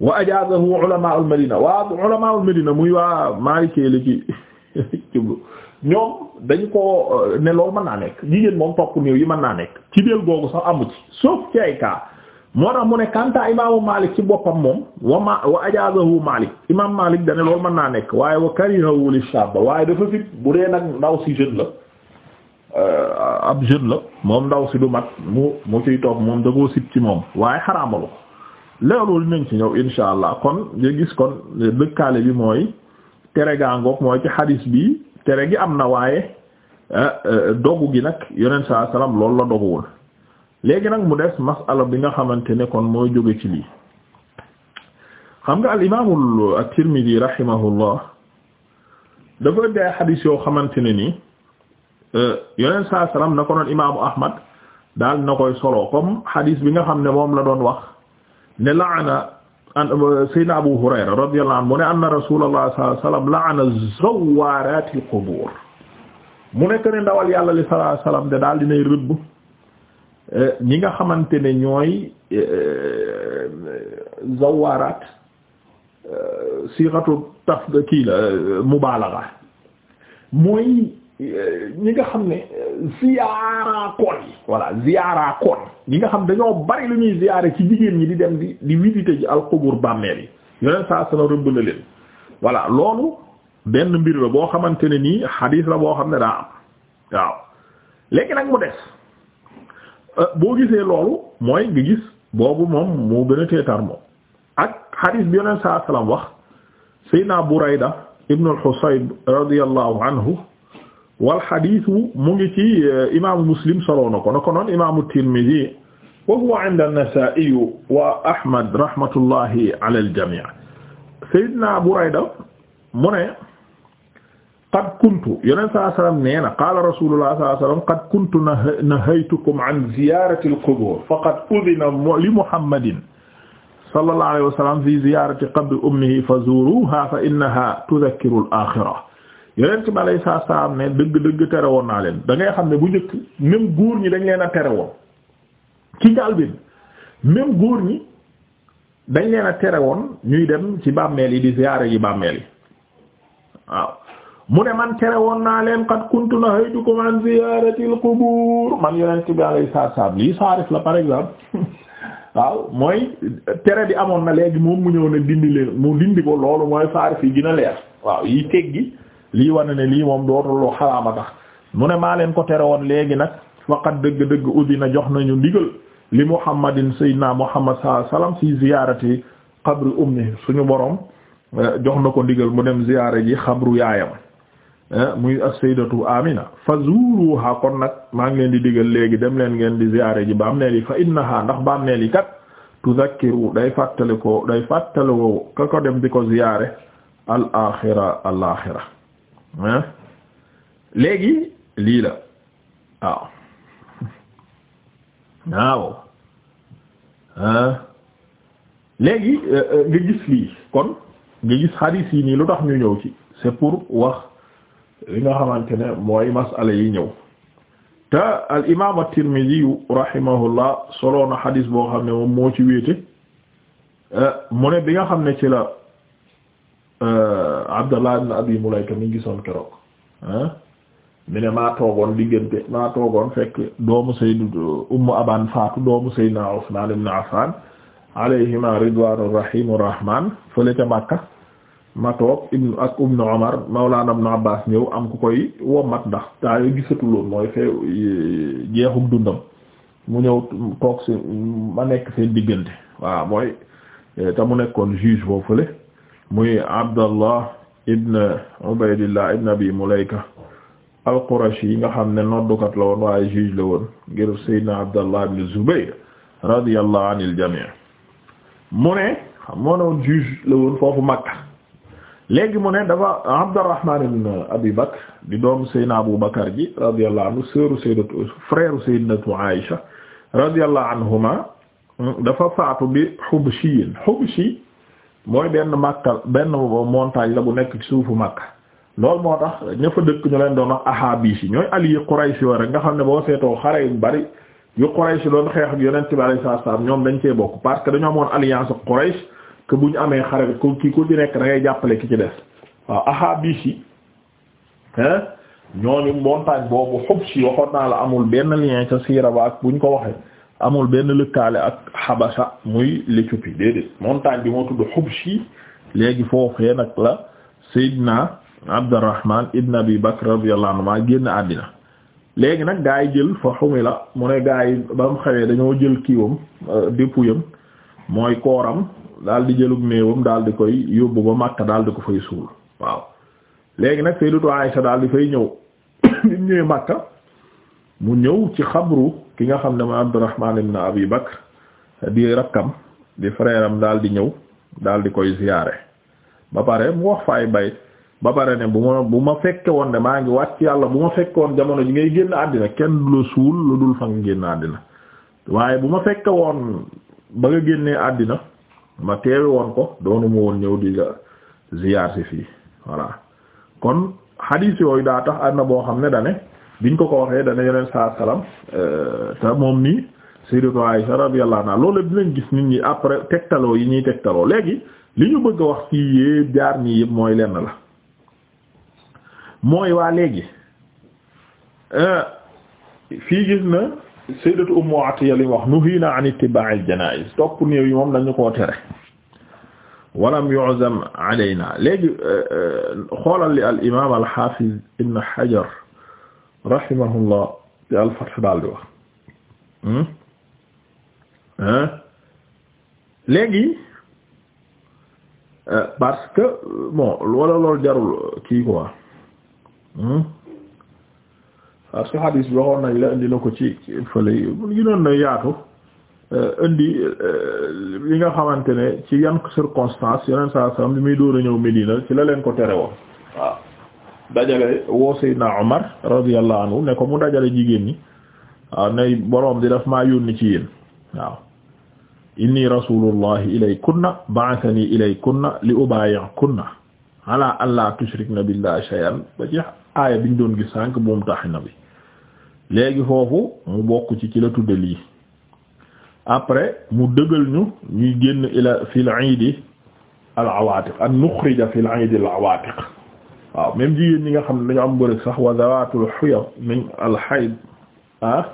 wa ajaazahu ulama al madina waa ulama al madina muy waa maalikee li ci jublu ñoom dañu ko euh, ne loolu mën naa nekk jigéen moom topp néew yi man naa nekk ci déel googu sax amu ci sauf ci ay moo tax mu ne kanta imaamu Malik ci boppam moom wa ma wa ajaazahu Malik imaam Malik dane loolu mën naa nekk waaye wa karihahu li shab waaye dafa fit bu dee nag ndaw si jeune la euh, ab jeune la moom ndaw si du mat mu mu ciy topp moom da koo ci moom waaye xaraamalu loolu dinañ ci ñëw insha allah kon nga gis kon dëkkaale bi mooy tere gaangoog mooy ci xadis bi tere gi am na waaye eh, eh, dogu gi nag yonent saa salaam loolu la doguwul léegi nag mu des masala bi nga xamante ne kon mooy jóge ci lii xam nga al imaamul at-Tirmidhi rahimahullah dafa indi ay xadis yoo xamante ne nii eh, yonent saa salaam na ko noon imaamu Ahmad daal na koy solo comme xadis bi nga xam ne moom la doon wax. ne laana an saydna Abu Hurayra radiyallahu anhu mu ne anna rasulullah sallallahu alayhi wasallam laana zawwaratil qubur mu nekk ne ndawal yàlla li sallallahu alayhi wasallam de daal dinay rëbb e, ñi nga xamante ne ñooy e, zawwaraat e, sighatu taf kii la mubaalaga mooy ñi nga xam ne ziyaaraakoon yi voilà ziyaaraakoon yi nga xam dañoo bari lu ñuy ziyaare ci jigéen ñi di dem di di visiter ji alxubur bàmmeel yi yoneen saa sana rëbb na leen voilà loolu benn mbir la boo xamante ne nii xadiis la boo xam ne daa am waaw léegi nag mu des euh, boo gisee loolu mooy nga gis boobu moom moo gën a teetar moom ak xadiis bi yoneen saa salaam wax Seydina Burayda ibn al-Husayb radiyallahu anhu wal xadiisu mu ngi ci eh, imaamu muslim solo na ko na ko noonu imaamu tirmidi wa huwa inda an-nasaa'i wa ahmad rahmatullahi ala al-jamii. Seydina Burayda mu ne qad kuntu yonent saa salaam nee na qaala rasuulullah saa salaam qad kuntu nahaytukum an ziyaarati al-qubuur faqad udhina li muhammadin sallallahu alayhi wa sallam fi ziyaarati qabri ummihi fazuuruuhaa fa innahaa tudhakkiru al-aaxira yonent bi alay saa saa am ne dëgg dëgg tere woon naa leen da xam ne bu njëkk même góor ñi dañ leen a tere woon ci gaal bi même góor ñi dañ leen a tere woon ñuy dem ci bàmmeel yi di ziyaare yi bàmmeel yi waaw mu ne man tere woon naa leen qad kuntu nahaytukum an ziyaratil qubur man yonent bi alay saa saa am lii saarif la par exemple waaw mooy tere di amoon na léegi moom mu ñëw ne dindi leen mu dindi ko loolu mooy saarif yi gën lii wane ne lii moom dootul lu xaraama tax mu ne maa leen ko tere woon léegi nag faqat dëgg-dëgg udina jox nañu ndigal li muhammadin sayyidina muhammad sallallahu alayhi wasallam fi ziyaarati xabru ummi suñu boroom eh, jox na ko ndigal mu dem ziyaare ji xabru yaayam eh, muy as-sayyidatu amina fa zuruha kon nag maa ngi leen di digal léegi dem leen ngeen di ziyaare ji bàmmeel yi fa innaha ndax bàmmeel yi kat tuzakkiru day fàttali ko day fàttali ko ka ko dem di ko ziyaare al léegi lii la waaw waaw léegi euh, euh, nga gis lii kon nga gis hadith yi nii lu tax ñu ñëw ci c'est pour wax li nga xamante ne mooy masala yi ñëw te al imaam at-Tirmidhi rahimahullah soloon na hadith boo xam ne moom moo ci wéete euh, mu ne bi nga xam ne ci la. Euh, Abdallah ibn Abi Mulayka mi ngi gisoon keroog mi ne maa toogoon diggante maa toogoon fekk doomu Seydou Ummu Aban faatu doomu Seydina Usmaan ibn Affaan alayhima ridwaanu fële ca Makka ma toog ibnu ak ibnu Umar mawlaana ibnu Abbaas ñëw am ku koy wommat ndax taa yoo gisatuloon mooy fee eh, jeexum dundam mu ñëw toog si ma nekk seen diggante waaw mooy eh, te mu nekkoon juge boo fële muy Abdallah ibn Ubaydillah ibn Abi Mulayka al-Qurashi yi nga xam ne noddukat la woon waaye juge la woon ngir Seydina Abdallah ibn Zubayr radiyallahu anil jami' mu ne moo ne woon juge la woon foofu Makka léegi mu ne dafa Abdurrahman ibn Abi Bakr di doom Seydina Abu Bakr ji radiyallahu anhu sœuru Sayyidatu frère Sayyidatu Aïcha radiyallahu anhuma dafa faatu bi Hubshiyin Hubshi mooy benn màkka benn montagne la bu nekk ci suufu màkk loolu moo tax ña dëkk ñu leen doon wax ahaabiis yi ñooy ali yi Quraysh yoo rek nga xam ne boo seetoo xare yu bari yu Quraysh doon xeex ak yonent bi alayhi salaam ñoom dañ cee bokk parce que dañoo amoon alliance ak Quraysh bu ñu amee xare bi ku ki ku di nekk da ngay jàppale ki ci des waaw ahaabiis yi hein ñooñu montagne boobu si waxoon naa la amul benn lien ca siira ba ak bu ñu ko waxe amul benn lëkkaale ak xabasa muy l'Éthiopie déedéet montagne bi moo tudd Hubshi léegi foofee nag la Seydina Abdurrahman ibn Abi Bakr radiyallahu anhu maa génn àddina léegi nag gaa yi jël fa la mu ne gaa yi ba mu dañoo jël kiiwam euh, dépouillam mooy kooram daal di jëlug néewam daal di koy yóbbu ba Makka daal di ko fay suul waaw léegi nag Sayyidatu Aisha daal di fay ñëw bi ñëwee Makka mu ñëw ci xabru ki nga xam ne ma Abdurrahman ibn Abi Bakr di rakkam di frère am daal di ñëw daal di koy ziyaare ba pare mu wax faay bay ba pare ne bu ma bu ma fekke woon de maa ngi wàcc yàlla bu ma fekke woon jamono ji ngay génn àddina kenn du la suul lu dul fa nga génn àddina waaye bu ma fekke woon ba nga àddina ma teewe woon ko doonu ma woon ñëw di ziyaar si fii voilà kon xadiis yooyu daa tax am boo xam ne dane biñ ko ko waxee dana yeneen saa salaam euh, te moom nii sayyidatu Aisha radiyallahu anha loolu gis nit ñi après tegtaloo yi ñuy tegtaloo léegi li ñu bëgg wax fii yépp jaar nii yépp mooy lenn la mooy waa léegi euh, fii gis na sayyidatu Ummu Atiya li wax nuhiina an ittiba'il janaa'iz topp néew yi moom dañu koo tere walam yu'zam alayna léegi euh, xoolal li al imaam al haafiz ibn Hajar rahimahullah te al-Fath daal di wax hmm? léegi euh, parce que bon wala loolu jarul euh, kii quoi hmm? parce que hadis bi waxoon nañ la indi na ko ci fële yi ginoon na yaatu euh, indi li nga xamante ne ci yan circonstance yeneen saa saam bi muy dóor a ñëw Medina ci la leen ko tere woon dajale woo Seydina Omar radiyallahu anhu ne ko mu dajale jigéen ñi waaw nay boroom di daf maa yónni ci yéen waaw inni rasulullahi ilaykunna ba'athani ilaykunna li ubayi'kunna ala an tushrikna billahi shay'an ba ci aaya biñ doon gis sànq moom taxi na bi léegi foofu mu bokk ci ci la tudde lii après mu dëgal ñu ñuy génn ila fil iidi al awaatiq an nuxrija fil iidi al awaatiq waaw même jigéen ñi nga xam ne dañu am bërëg sax wa zawatul xuyab min al ah,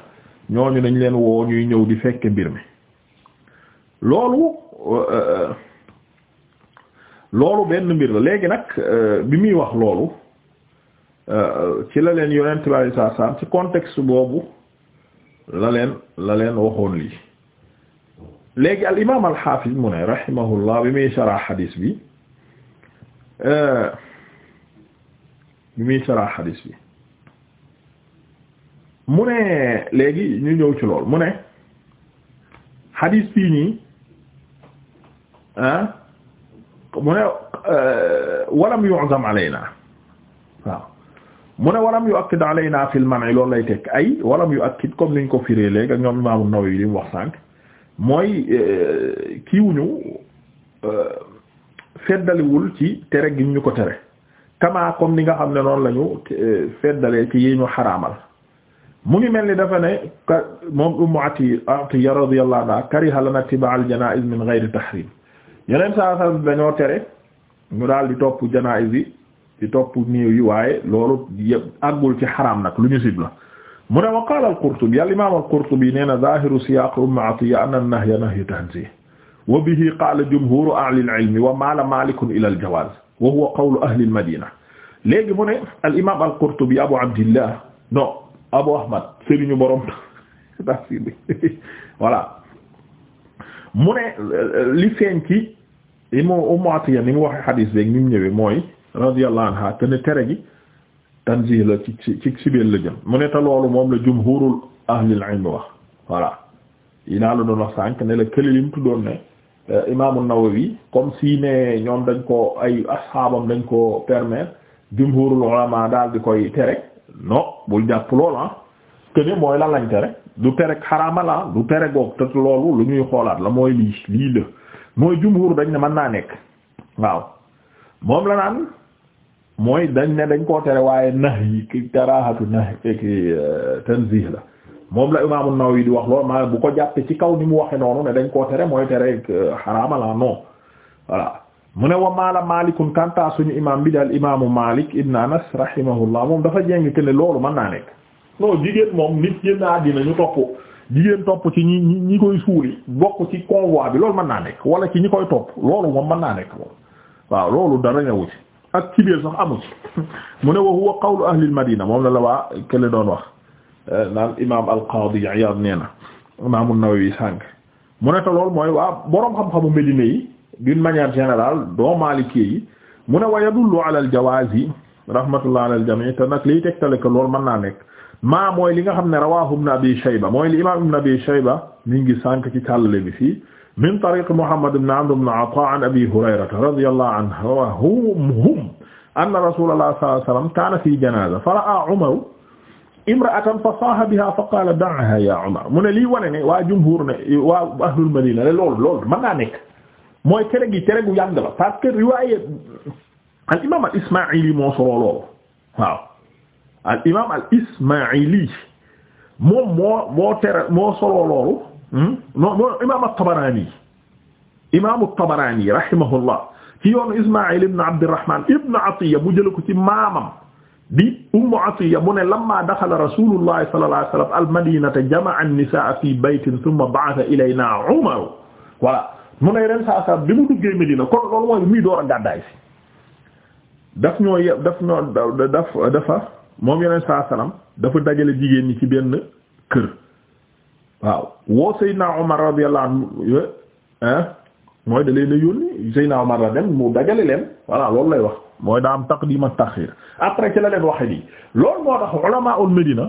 ñooñu dañ leen woo ñuy ñëw di fekke mbir mi loolu euh, loolu benn mbir la léegi nag euh, bi muy wax loolu euh, ci la leen yonent bi alayhi salaatu salaam ci contexte boobu la leen la leen waxoon lii léegi al imaam al xaafiz mu ne rahimahullah bi muy sarah xadiis bi bi muy saraa xadiis bi mu ne léegi ñu ñëw ci lool mu ne xadiis bii nii ah mu ne euh, walam yu'zam alayna waaw mu ne walam yu'akkid alayna fil man'i loolu lay tekk ay walam yu'akkid comme niñ ko firee léegi ak ñoom Imaamu Nawawi li mu wax sànq mooy euh, kiiwuñu euh, feddaliwul ci tere gi ñu ko tere kamaa comme ni nga xam ne noonu lañu ñu euh, feddalee ci yi mu ngi mel ni dafa ne ka moom ummu ati atiya radiyallahu anha kariha lana tibaa al janaiz min ghayri tahrim yeneen saa saa dañoo tere ñu daal di topp janaiz yi di topp waaye loolu àggul ci xaraam nag lu ñu sib la mu ne wa qaala al-Qurtubi al imaam na zaahiru siyaaq ummu atiya anna an-nahya nahyu wa bihi qaala jumhuuru ahli al-ilmi ila al wa huwa qawlu ahli al-Madina léegi mu ne al imaam al-Qurtubi Abu borom voilà mu ne li feeñ ci li mu Ummu Atiyya ni mu waxee xadiis beeg ni mu ñëwee mooy radiyallahu anha te ne tere gi tanzih la ci bi ci sibeel la jëm mu ne te moom la jumhurul ahlil ilm wax voilà yi naa la doon wax sànq ne la kële li mu tuddoon ne. Euh, imaamu Nawawi comme si ne ñoom dañ ko ay asxaabam dañ ko permettre jumhurul ulama daal di koy tere non bul jàpp lool ah mooy lan lañ tere du tere xaraama la ah. du tere goog te loolu lu ñuy xoolaat la mooy lii lii la mooy jumhur dañ ne mën naa nekk waaw moom la naan mooy dañ ne dañ koo tere waaye nax yi ki karaahatu nax ki euh, tanzih la moom la imaamu Nawawi di wax lool maa bu ko jàppee ci kaw ni mu waxe noonu ne dañ koo tere mooy tere euh, xaraama la non voilà mu ne wa maala malikun kanta suñu imaam bi daal imaamu Malik ibn Anas rahimahullah moom dafa jeng ke loolu mën naa nekk non jigéen moom nit génn àddina ñu topp jigéen topp ci ñi ñi ñi koy suuli bokk ci convoi bi loolu man naa nekk wala ci ñi koy topp loolu moom man naa nekk waaw loolu dara ñëwu ci ak ci biir sax amu mu ne wa huwa qawlu ahlil madina moom la la waa kële doon wax Euh, naan imaam al-Qaadi Iyaad nee na imaam an-Nawawi sànq mu ne te loolu mooy waa boroom xam-xamu Medina yi d'une manière générale doo Maliki yi mu ne wa yadullu ala al-jawaazi rahmatullah ala al-jamii te nag liy tegtale que loolu mën naa nekk maa mooy li nga xam ne rawaahu Ibn Abi Shayba mooy li imaam Ibn Abi Shayba mi ngi sànq ci càllale bi fii min tariq Muhammad ibn Amr ibn Ataa an Abi Hurayrata radiyallahu anhu wa hum anna rasulallah sallallahu alayhi wa sallam kaana fi janaaza fa ra'a Umar imra'atan fa saaha biha fa qaala da'aha ya Umar mu ne lii wane ne waa jumhur ne waa ahlul madina la loolu loolu mën naa nekk mooy tere gi tere gu yàgg la parce que riwaaye al imaam al ismaa'ili moo solo loolu waaw al imaam al ismaa'ili moom moo moo tere moo solo loolu moo hmm? moo imaam at-Tabarani imaam at-Tabarani rahimahullah ci yoonu Ismaa'il ibn Abdurrahman ibn Atiyya mu jël ko ci maamam bi ummu atiya mu ne lamma daxala rasulullahi sallallahu alayhi wa sallam almadinata jamaa an-nisaa fi baytin thumma ba'atha ilayna Umar voilà mu ne ren saa saa bi mu duggee Medina kon loolu mooy muy door a gàddaay si daf ñoo ye daf ñoo daf dafa moom yeneen saa salaam dafa dajale jigéen ñi ci benn kër waaw woo Seydina Umar radiyallahu anhu mooy da leen a yónni Seydina la dem mu dajale leen voilà loolu lay wax mooy daa am taqdim ak taxir après ci la leen wax lii loolu moo tax ulama ul Medina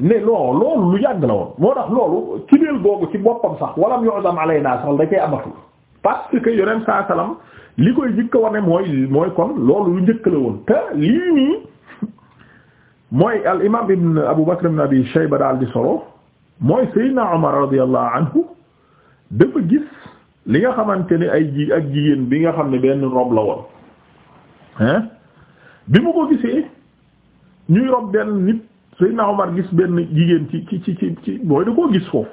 ne non loolu lu yàgg la woon moo tax loolu kibeel googu ci boppam sax walam yu'zam alayna sax da koy amatul parce que yoneen saa salaam li koy jëkk wane mooy mooy kon loolu lu njëkk la woon te lii nii mooy al imaam ibn Abu Bakr ibn Abi Shayba di solo mooy Seydina Omar radiyallahu anhu dafa gis. li nga xamante ni ay ji ak jigéen bi nga xam ne benn rob la woon hein bi mu ko gisee ñuy rob benn nit Seydina Omar gis benn jigéen ci ci ci ci ci mooy da koo gis foofu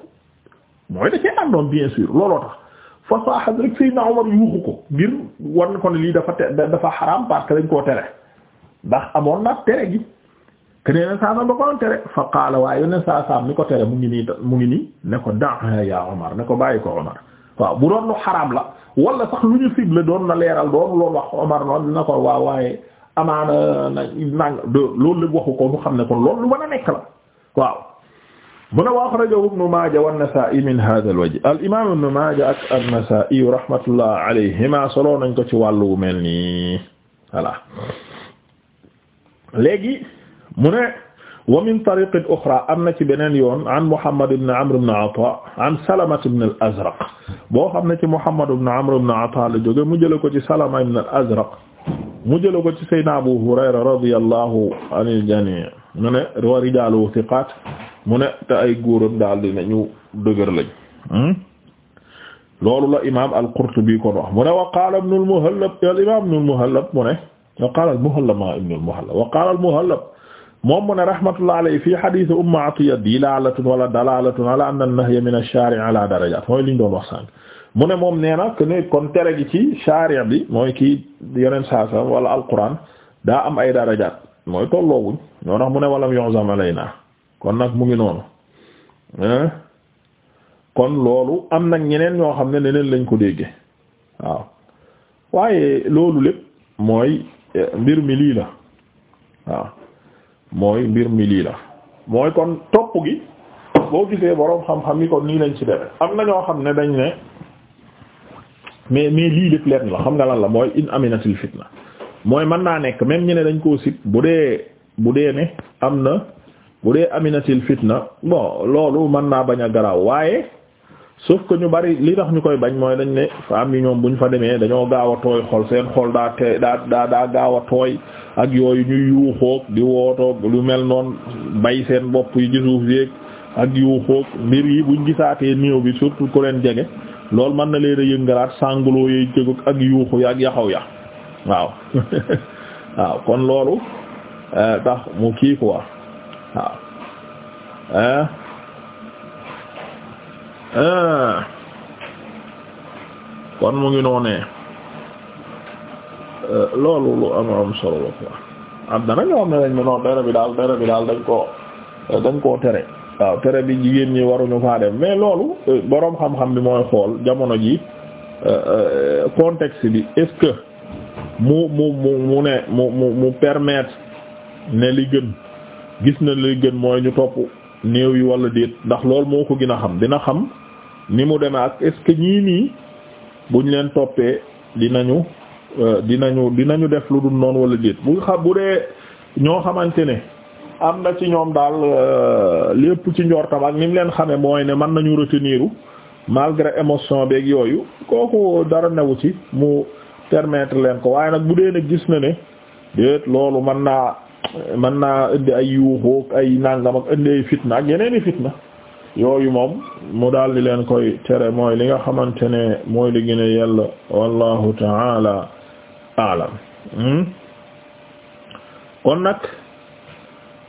mooy da tax fa saaxat rek Seydina Omar ko ne lii dafa dafa xaraam parce que dañ koo tere ndax amoon na tere gi keneen ne saasam ko doon tere fa qaala waaye yoneen saasam ni ko tere mu ngi nii mu ngi nii ne ko daa yaa Omar ne ko bàyyi ko Omar waaw bu doon lu xaraam la wala sax lu ñu ciblé doon na leeral doon loolu wax Omar noonu dina ko waaw waaye amaana na nang loolu lépp waxu ko mu xam ne kon loolu lu mën a nekk la waaw mu ne wa axrajahu ibnu maaja wa nasaa'i min haadha al-wajh al imaam ibnu maaja ak an-nasaa'i rahmatullah alayhima soloo nañ ko ci wàllu mel nii voilà léegi mu ne wa min tariqin uxra am na ci beneen yoon an Muhammad ibn Amr ibn Ata an Salama ibn al-Azraq boo xam ne ci Muhammad ibn Amr ibn Ata la jóge mu jëlee ko ci Salama ibn al-Azraq mu jëlee ko ci Seydina Abu Hurayra radiyallahu anil jami' mu ne wa rijaaluhu thiqaat mu ne te ay góoram daal di ne ñu dëgër lañ. Hmm? loolu la imaam al-Qurtubi kon wax mu ne wa qaala ibn al-Muhallab al imaam ibn al-Muhallab mu ne wa qaala al-Muhallab ma ibn al-Muhallab wa qaala al-Muhallab moom mu ne rahmatullah alayhi fii hadith umma atiya dilalatun wala dalalatun ala anna an-nahya min ash-shari' ala darajat mooy li ñu doon wax mu ne moom nee na que ne kon tere gi ci shari' bi mooy kii yeneen saa sa wala alquran daa am ay darajat mooy tollooguñ ñoo tax mu ne walam yu'zam alayna kon nag mu ngi noonu kon loolu am nag ñeneen ñoo xam ne neneen lañ ko déggee waaw waaye loolu lépp mooy mbir mi lii la waaw mooy mbir mi lii la mooy kon topp gi boo gisee boroom xam-xam yi kon nii lañ ci deme am na ñoo xam ne dañ ne mais mais lii lépp leen la xam nga lan la mooy in aminatil fitna mooy mën naa nekk même ñu ne dañ koo sib bu dee bu dee ne am na bu dee aminatil fitna bon loolu mën naa bañ a garaaw waaye sauf ko ñu bari li tax ñu koy bañ mooy dañ ne femme yi ñoom bu ñu fa demee dañoo gaaw a tooy xol seen xol daa tee daa daa daa a tooy ak yooyu ñuy yuuxoog di wootoog lu mel noon bay seen bopp yi ci suuf yéeg ak yuuxoog mbir yi buñ gisaatee néew bi surtout ku leen jege loolu mën na leen a yëngalaat sangloo yooyu jëgug ak yuuxu ak yaxaw ya waaw waaw kon loolu eh, tax mu kii quoi waaw eh? Ah. kon mu ngi noonee eh, loolu lu am am solo la quoi am na nag ñoo xam ne dañ ne tere bi daal tere bi daal dañ koo dañ koo tere. waaw tere bi jigéen ñi waruñu faa dem mais loolu eh, boroom xam-xam bi mooy xool jamono ji eh, contexte bi est-ce mu mu mu mu ne mu mu mu permettre ne li gën gis na li gën mooy ñu topp néew yi walla déet ndax loolu moo ko gën a xam dina xam. ni mu demee ak est-ce que ñii nii buñ leen toppee dinañu euh, dinañu dinañu def lu dul noonu wala déet bu xam bu dee ñoo xamante ne am na ci ñoom daal euh, lépp ci njortam ak ni mu leen xamee mooy ne mën nañu retenir malgré émotion beeg yooyu kooku dara newu ci mu permettre leen ko waaye nag bu dee nag gis na ne déet loolu mën naa mën naa indi ay yuuxu ay nangam ak indi ay fitna ak yeneen i fitna. yooyu moom mu daal di leen koy tere mooy li nga xamante ne mooy li gën a yell wallahu taala aalam hmm? kon nag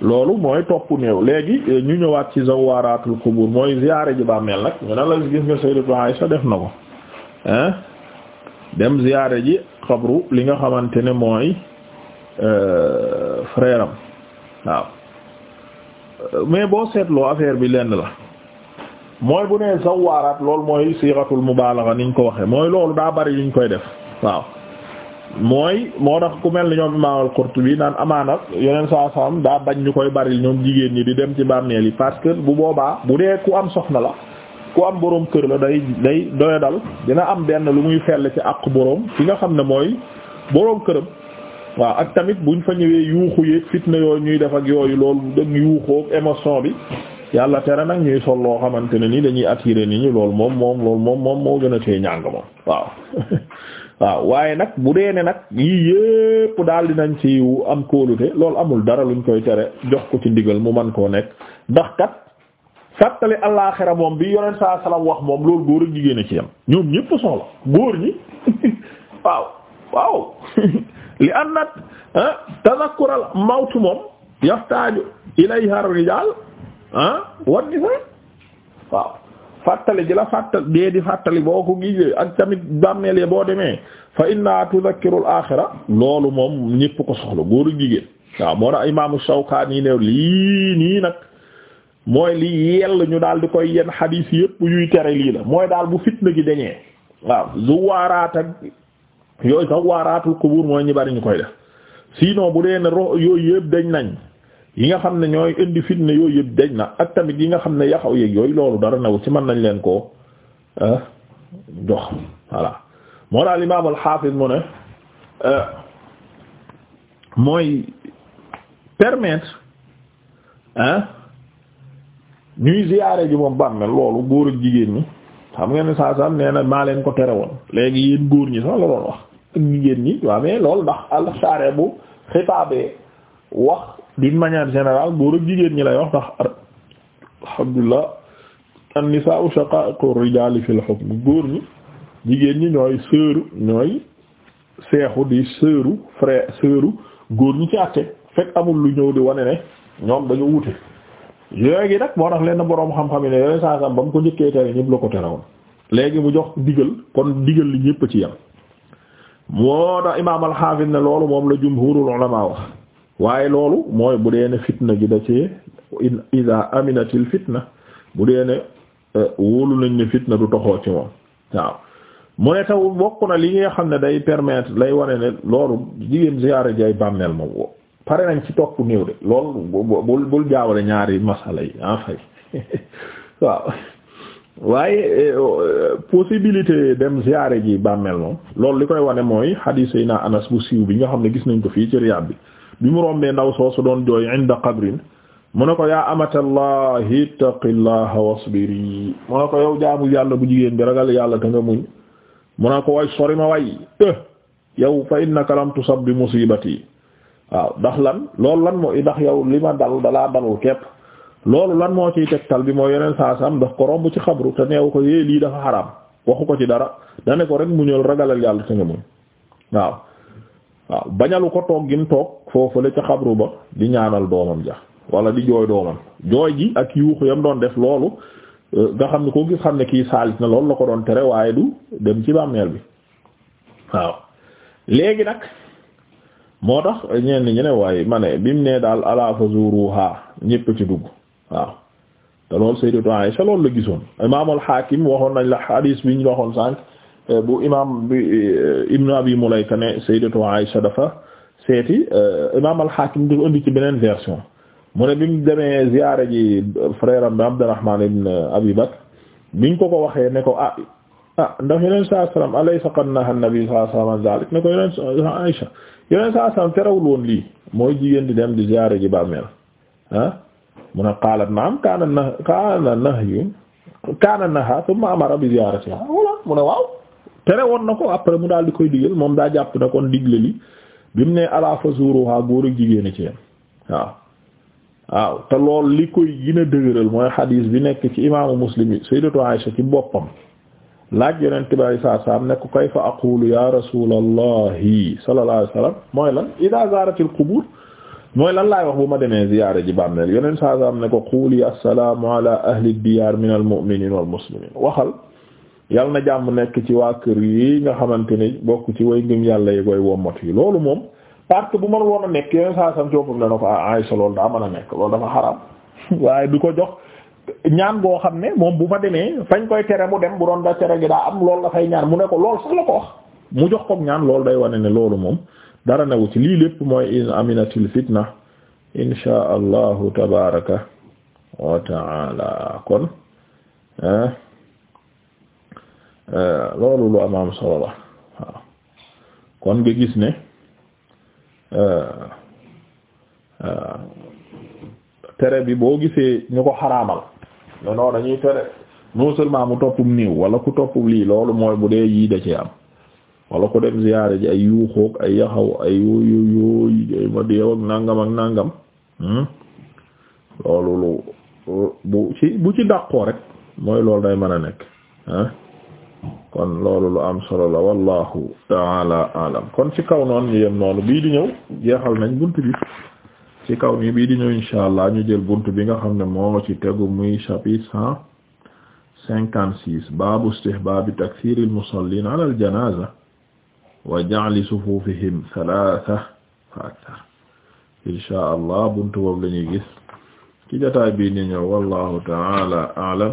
loolu mooy topp néew léegi eh, ñu ñëwaat ci zawaraatul kubur mooy ziyaare ji bàmmeel nag ñu ne la gis nga sayyidatu Aisha def na ko hein dem ziyaare ji xabru li nga xamante ne mooy euh, frère waaw euh, mais boo seetloo affaire bi lenn la mooy bu nee zawaaraat loolu mooy siixatul mubaalaxa niñ ko waxee mooy loolu daa bari ñu koy def waaw mooy moo tax ku mel ni ñoom imaam al-Qurtubi naan amaana yeneen saa saam daa bañ ñu koy bari ñoom jigéen ñi di dem ci bàmmeel yi parce que bu boobaa bu dee ku am soxna la ku am boroom kër la day day doya dal dina am benn lu muy fell ci àq boroom ki nga xam ne mooy boroom këram waaw ak tamit buñ fa ñëwee yuuxu yeeg fitna yooyu ñuy def ak yooyu loolu dëgg yuuxoo bi yàlla tere nag ñuy sol loo xamante ne ni dañuy attirer nit ñi loolu moom moom loolu moom moom moo gën a tee ñàng moom waaw waaw waaye nag bu dee ne nag yii yépp daal nañ ci am kóolute loolu amul dara luñ koy tere jox ko ci ndigal mu man koo nekk ndax kat fàttali àllaaxira moom bi yonent saa salaam wax moom loolu góor ak jigéen a ci yam ñoom ñépp soxla góor ñi waaw waaw li an nag ah, mawtu moom yaxtaaju ilayha rijaal ah wan ni sax waaw fàttali di fàttali boo ko gisee ak tamit bàmmeel boo demee fa inna tuzakkirul aaxira loolu moom ñépp ko soxla góor ak jigéen waaw moo tax imaamu Shawkaani ne lii nii nag mooy li yell ñu daal di koy yenn xadiis yépp yuy tere lii la mooy daal bu fitna gi dañee waaw zuwaaraat ak yooyu sax waaraatul kubuur mooy ñi koy def sinon bu dee ne ro yooyu yépp dañ nañ yi nga xam ne ñooy indi fitne yooyu yëpp deñ na ak tamit yi nga xam ne yaxaw yeeg yooyu loolu dara naw ci man nañ leen koo ah, jox voilà moo daal imaam al-Hafiz mu ne euh, mooy permettre ah ñuy ziyaare ji moom bàmmeel loolu góor ak jigéen ñi xam ngeen ne saa saa nee na maa leen ko tere woon léegi yéen góor ñi sax la doon wax ak jigéen ñi waaw mais loolu ndax al sharia bu xitaabee wax d'une manière générale góor ak jigéen ñi lay wax ndax alhamdulilah an-nisaa'u shaqaa'iqu rijaali fil hukm góor ñi jigéen ñi ñooy sœuru ñooy seexu di sœuru frère sœuru góor ñi ci àtte fekk amul lu ñëw di wane ne ñoom dañu wute yooyu nag moo tax leen boroom xam-xam yi ne yooyu saa saa ba mu ko njëkkee tere ñëpp la ko tere woon léegi mu jox digal kon digal li ñëpp ci yam moo tax imaam al ne loolu moom la jumhurul maa wax waaye loolu mooy bu dee ne fitna gi da cee iza aminatil fitna bu dee ne euh, wóolu nañ ne fitna du toxoo ci moom waaw mu ne taw bokk na li nga xam ne day permettre lay wane ne loolu jigéen ziyaara ji ay bàmmeel moom pare nañ ci topp néew de loolu bul bul jaawale ñaari masala yi en ah, fait waaw waaye euh, possibilité dem ziyaara ji bàmmeel moom loolu li koy wane mooy hadis Seydina Anas bu siiw bi nga xam ne gis nañ ko fii ci Riyad bi bi mu rombee ndaw su doon jooy inda qabrin mu ne ko yaa amatallahi ittaqillaha wasbiri mu ne ko yow jaamul yàlla bu jigéen bi ragal yàlla te nga muñ mu ne ko way sori ma way eh yow fa innaka lam tusab bi musibati waaw ndax lan loolu lan moo ndax yow li ma dal dalaa dalul képp loolu lan moo ciy tegtal bi moo yeneen saa sam daf ko romb ci xabru te neew ko yée lii dafa xaraam waxu ko ci dara dane ko rek muñul ragalal yàlla te nga muñ waaw waaw bañalu foofu la ca xabru ba di ñaanal doomam ja wala di jooy doomam jooy ji ak yuuxu yam doon def loolu euh, nga xam ne ko gis xam ne kii saalit na loolu la ko doon tere waaye du dem ci bàmmeel bi waaw nag moo tax ñeen ñi ne waaye ma ne bi mu ne daal ala fazuruha ñépp ci dugg waaw te loolu Sayyidatu Aisha loolu la gisoon imaamul Hakim waxoon nañ la hadis bi ñu waxoon sànq euh, bu imaam bi euh, Ibn Abi Mulayka ne Sayyidatu Aisha dafa seeti euh, imaam al-Hakim di ko indi ci beneen version mu ne bi mu demee ziyaara ji euh, frère am bi Abdurrahman ibn Abi bi biñ ko ko waxee ne ko ah ah ndax yeneen saa salaam alaysa qad nahaa an-nabi sallallahu alayhi wa salaam terewul woon lii mooy jigéen di dem di ziyaara ji bàmmeel ah mu ne qaalat naam kaana na kaana nahyu kaana nahaa thumma amara bi ziyaaratihaa voilà mu ne waaw tere woon na ko après mu daal di koy digal moom daa jàpp ne kon digle li bi mu ne alaa fazuruha góor ak jigéen ci yéen waaw waaw te lool li koy gën a dëgëral mooy xadiis bi nekk ci imaamu muslim yi sayyidatu Aisha ci boppam laaj yonent bi alayhi salaatu salaam ne ko kayfa aqulu ya rasulallahi sallallahu alayhi wasallam mooy lan idaa zaaratil qubuur mooy lan laay wax bu ma demee ziyaare ji bàmmeel yonent saa salaam ne ko quuli assalaamu ala ahli diyaar minal mu'miniin wal waxal yal na jàmm nekk ci waa kër yi nga xamante ni bokk ci way ngëm yàlla yi koy wommat yi loolu moom parce que bu mën woon a nekk yeneen saa sam coopam ne na ko Aysa ah, loolu daa mën a nekk loolu dafa xaram waaye du ko jox ñaan goo xam ne moom bu fa demee fañ koy tere mu dem bu doon da tere gi daa am loolu la fay ñaan mu ne ko loolu sax la ko wax mu jox ko ñaan loolu day wane ne loolu moom dara newu ci lii lépp mooy in aminatil fitna insha allahu tabaraka wa taala kon Euh, loolu lu am am solo la waaw kon nga gis ne euh, euh, tere bi boo gisee ñu ko xaraamal ne non dañuy tere non seulement mu toppum niiw wala ku topp lii loolu mooy bu dee yii da ci am wala ku dem ziyaare ji ay yuuxoog ay yaxaw ay yooyu yooyu ay ma ak nàngam ak nàngam hmm? loolu lu bu ci bu ci dàqoo rek mooy loolu day mën a nekk kon loolu lu am solo la wallahu taala alam kon ci kaw noonu ñu yem noonu bii di ñëw jeexal nañ bunt bi ci kaw nii bii di ñëw insha allah ñu jël bunt bi nga xam ne moo ci tegu muy chapitre cent cinquante six baabu istihbaabi takthiri almusallin ala aljanaza wa ja'li sufufihim thalatha fa akthar insha allah bunt boobu la ñuy gis ci jotaay ñëw wallahu taala alam